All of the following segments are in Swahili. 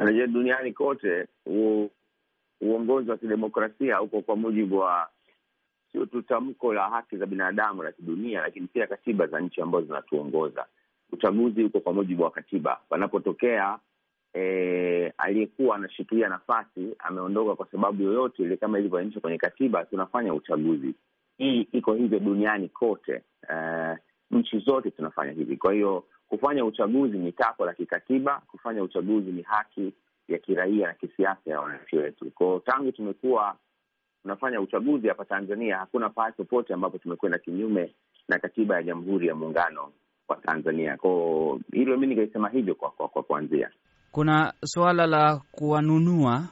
anajua duniani kote u, uongozi wa kidemokrasia uko kwa mujibu wa sio tu tamko la haki za binadamu la kidunia, lakini pia katiba za nchi ambazo zinatuongoza. Uchaguzi uko kwa mujibu wa katiba. Panapotokea e, aliyekuwa anashikilia nafasi ameondoka kwa sababu yoyote ile, kama ilivyoainishwa kwenye katiba, tunafanya uchaguzi. Hii iko hivyo duniani kote, e, nchi zote tunafanya hivi. Kwa hiyo kufanya uchaguzi ni takwa la kikatiba, kufanya uchaguzi ni haki ya kiraia na kisiasa ya wananchi wetu. ko tangu tumekuwa tunafanya uchaguzi hapa Tanzania, hakuna pahali popote ambapo tumekwenda kinyume na katiba ya Jamhuri ya Muungano wa Tanzania. Kwao hilo mi nikaisema hivyo kwa, kwa, kwa kuanzia. Kuna suala la kuwanunua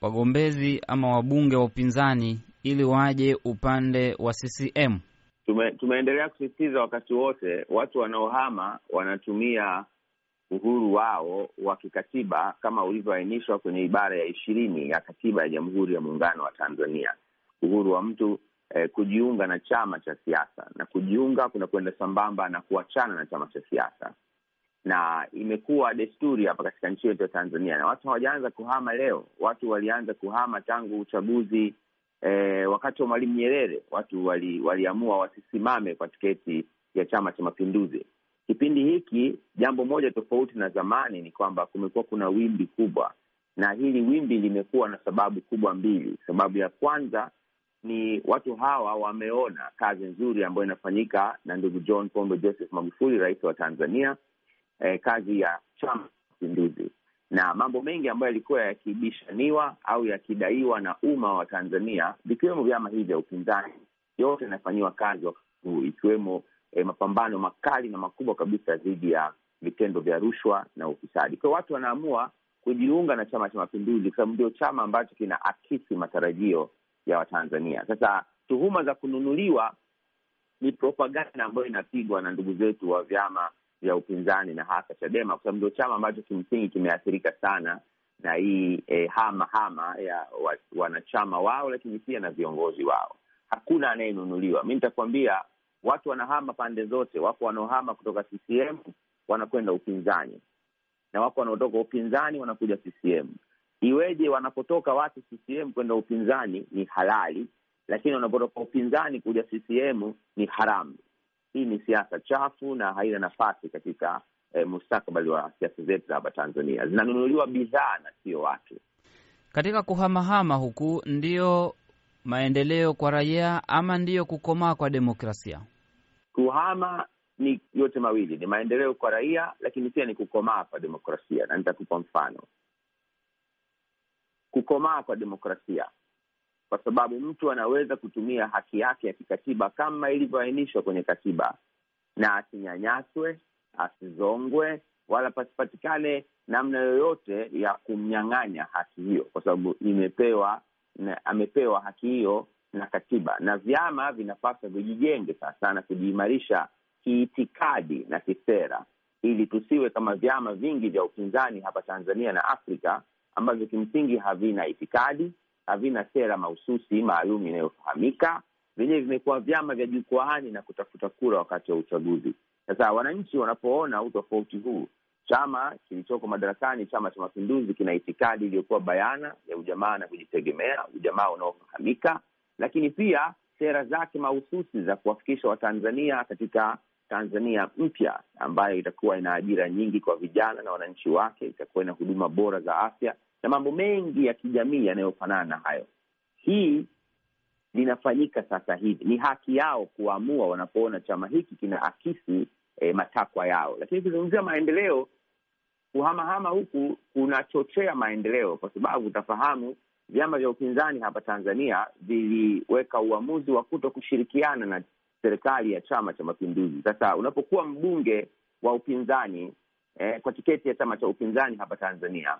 wagombezi ama wabunge wa upinzani ili waje upande wa CCM tume, tumeendelea kusisitiza wakati wote watu wanaohama wanatumia uhuru wao wa kikatiba kama ulivyoainishwa kwenye ibara ya ishirini ya katiba ya Jamhuri ya Muungano wa Tanzania, uhuru wa mtu eh, kujiunga na chama cha siasa, na kujiunga kuna kwenda sambamba na kuachana na chama cha siasa, na imekuwa desturi hapa katika nchi yetu ya Tanzania, na watu hawajaanza kuhama leo. Watu walianza kuhama tangu uchaguzi eh, wakati wa Mwalimu Nyerere watu wali, waliamua wasisimame kwa tiketi ya Chama cha Mapinduzi. Kipindi hiki jambo moja tofauti na zamani ni kwamba kumekuwa kuna wimbi kubwa, na hili wimbi limekuwa na sababu kubwa mbili. Sababu ya kwanza ni watu hawa wameona kazi nzuri ambayo inafanyika na ndugu John Pombe Joseph Magufuli, rais wa Tanzania, eh, kazi ya Chama cha Mapinduzi na mambo mengi ambayo yalikuwa yakibishaniwa au yakidaiwa na umma wa Tanzania, vikiwemo vyama hivi vya upinzani, yote yanafanyiwa kazi wakati huu, ikiwemo e, mapambano makali na makubwa kabisa dhidi ya vitendo vya rushwa na ufisadi. Kwa watu wanaamua kujiunga na Chama cha Mapinduzi kwa sababu ndio chama ambacho kina akisi matarajio ya Watanzania. Sasa tuhuma za kununuliwa ni propaganda ambayo inapigwa na ndugu zetu wa vyama ya upinzani na hasa Chadema kwa sababu ndio chama ambacho kimsingi kimeathirika sana na hii eh, hama hama ya wanachama wao, lakini pia na viongozi wao. Hakuna anayenunuliwa. Mi nitakuambia watu wanahama pande zote. Wako wanaohama kutoka CCM wanakwenda upinzani, na wako wanaotoka upinzani wanakuja CCM. Iweje wanapotoka watu CCM kwenda upinzani ni halali, lakini wanapotoka upinzani kuja CCM ni haramu? Hii ni siasa chafu na haina nafasi katika e, mustakabali wa siasa zetu za hapa Tanzania. Zinanunuliwa bidhaa na sio watu. Katika kuhamahama huku, ndiyo maendeleo kwa raia ama ndiyo kukomaa kwa demokrasia? Kuhama ni yote mawili, ni maendeleo kwa raia, lakini pia ni kukomaa kwa demokrasia, na nitakupa mfano. Kukomaa kwa demokrasia kwa sababu mtu anaweza kutumia haki yake ya kikatiba kama ilivyoainishwa kwenye katiba, na asinyanyaswe, asizongwe, wala pasipatikane namna yoyote ya kumnyang'anya haki hiyo, kwa sababu imepewa na, amepewa haki hiyo na katiba, na vyama vinapaswa vijijenge sasa na kujiimarisha kiitikadi na kisera, ili tusiwe kama vyama vingi vya upinzani hapa Tanzania na Afrika ambavyo kimsingi havina itikadi havina sera mahususi maalum inayofahamika, vyenyewe vimekuwa vyama vya jukwaani na kutafuta kura wakati wa uchaguzi. Sasa wananchi wanapoona utofauti huu, chama kilichoko madarakani, Chama cha Mapinduzi, kina itikadi iliyokuwa bayana ya ujamaa na kujitegemea, ujamaa unaofahamika, lakini pia sera zake mahususi za kuwafikisha Watanzania katika Tanzania mpya ambayo itakuwa ina ajira nyingi kwa vijana na wananchi wake, itakuwa ina huduma bora za afya na mambo mengi ya kijamii yanayofanana hayo. Hii linafanyika sasa hivi, ni haki yao kuamua wanapoona chama hiki kina akisi e, matakwa yao. Lakini ukizungumzia maendeleo, kuhamahama huku kunachochea maendeleo, kwa sababu utafahamu vyama vya upinzani hapa Tanzania viliweka uamuzi wa kuto kushirikiana na serikali ya Chama cha Mapinduzi. Sasa unapokuwa mbunge wa upinzani eh, kwa tiketi ya chama cha upinzani hapa Tanzania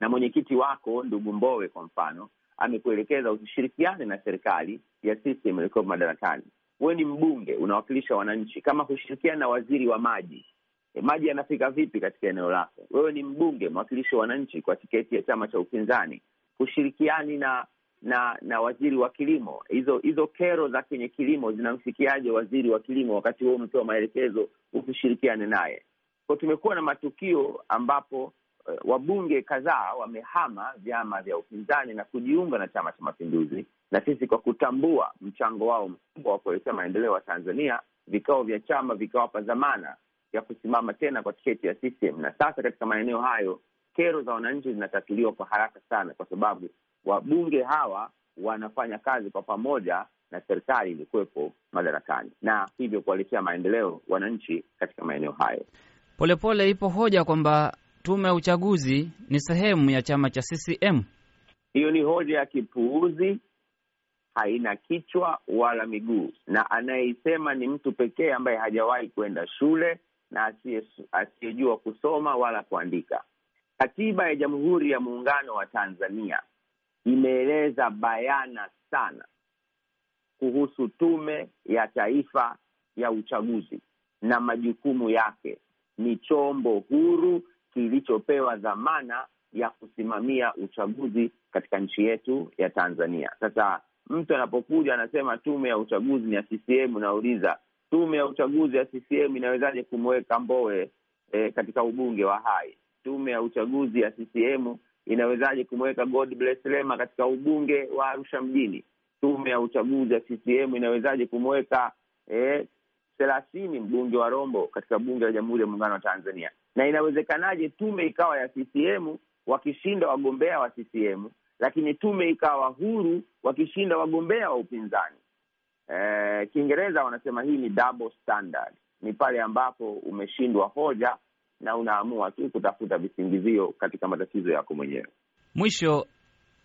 na mwenyekiti wako ndugu Mbowe kwa mfano amekuelekeza usishirikiane na serikali ya system ilikuwa madarakani. Wewe ni mbunge, unawakilisha wananchi. Kama hushirikiana na waziri wa maji e, maji yanafika vipi katika eneo lako? Wewe ni mbunge, mwakilishi wa wananchi kwa tiketi ya chama cha upinzani, hushirikiani na na na waziri wa kilimo. Hizo hizo kero za kwenye kilimo zinamfikiaje waziri wa kilimo, wakati huo umepewa maelekezo usishirikiane naye? Kwa tumekuwa na matukio ambapo Eh, wabunge kadhaa wamehama vyama vya upinzani na kujiunga na Chama cha Mapinduzi, na sisi kwa kutambua mchango wao mkubwa wa kuelekea maendeleo ya Tanzania, vikao vya chama vikawapa dhamana ya kusimama tena kwa tiketi ya CCM, na sasa katika maeneo hayo kero za wananchi zinatatuliwa kwa haraka sana, kwa sababu wabunge hawa wanafanya kazi kwa pamoja na serikali ilikuwepo madarakani, na hivyo kuwaletea maendeleo wananchi katika maeneo hayo. Polepole ipo hoja kwamba tume ya uchaguzi ni sehemu ya chama cha CCM. Hiyo ni hoja ya kipuuzi, haina kichwa wala miguu, na anayeisema ni mtu pekee ambaye hajawahi kwenda shule na asiyejua kusoma wala kuandika. Katiba ya Jamhuri ya Muungano wa Tanzania imeeleza bayana sana kuhusu Tume ya Taifa ya Uchaguzi na majukumu yake. Ni chombo huru kilichopewa dhamana ya kusimamia uchaguzi katika nchi yetu ya Tanzania. Sasa mtu anapokuja anasema tume ya uchaguzi ni ya CCM, unauliza tume ya uchaguzi ya CCM inawezaje kumweka Mbowe eh, katika ubunge wa Hai? Tume ya uchaguzi ya CCM inawezaje kumweka Lema katika ubunge wa Arusha mjini? Tume ya uchaguzi ya CCM inawezaje kumweka eh, thelathini mbunge wa Rombo katika bunge la Jamhuri ya Muungano wa Tanzania. Na inawezekanaje tume ikawa ya CCM wakishinda wagombea wa CCM, lakini tume ikawa huru wakishinda wagombea wa upinzani? Eh, Kiingereza wanasema hii ni double standard. Ni pale ambapo umeshindwa hoja na unaamua tu kutafuta visingizio katika matatizo yako mwenyewe. Mwisho,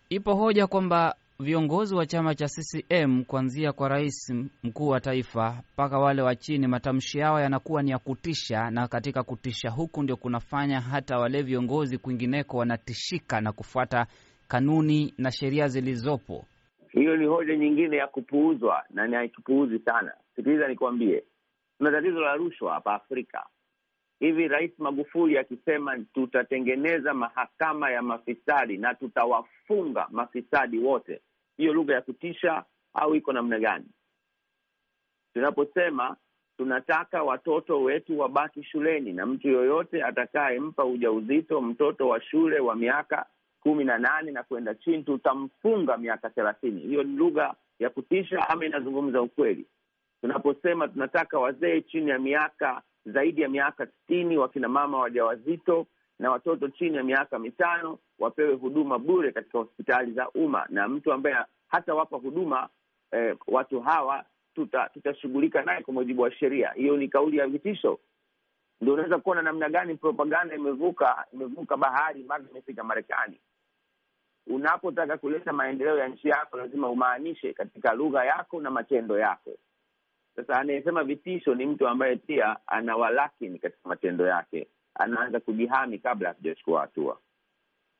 ipo hoja kwamba viongozi wa chama cha CCM kuanzia kwa rais mkuu wa taifa mpaka wale wa chini, matamshi yao yanakuwa ni ya kutisha, na katika kutisha huku ndio kunafanya hata wale viongozi kwingineko wanatishika na kufuata kanuni na sheria zilizopo. Hiyo ni hoja nyingine ya kupuuzwa na ni haikipuuzi sana. Sikiliza nikuambie kuna tatizo la rushwa hapa Afrika hivi Rais Magufuli akisema tutatengeneza mahakama ya mafisadi na tutawafunga mafisadi wote, hiyo lugha ya kutisha au iko namna gani? Tunaposema tunataka watoto wetu wabaki shuleni na mtu yoyote atakayempa ujauzito mtoto wa shule wa miaka kumi na nane na kwenda chini tutamfunga miaka thelathini. Hiyo ni lugha ya kutisha ama inazungumza ukweli? Tunaposema tunataka wazee chini ya miaka zaidi ya miaka sitini, wakinamama wajawazito na watoto chini ya miaka mitano wapewe huduma bure katika hospitali za umma, na mtu ambaye hata wapa huduma eh, watu hawa tutashughulika tuta naye kwa mujibu wa sheria. Hiyo ni kauli ya vitisho. Ndio unaweza kuona namna gani propaganda imevuka imevuka bahari mpaka imefika Marekani. Unapotaka kuleta maendeleo ya nchi yako, lazima umaanishe katika lugha yako na matendo yako. Sasa anayesema vitisho ni mtu ambaye pia anawalakini katika matendo yake, anaanza kujihami kabla hatujachukua hatua.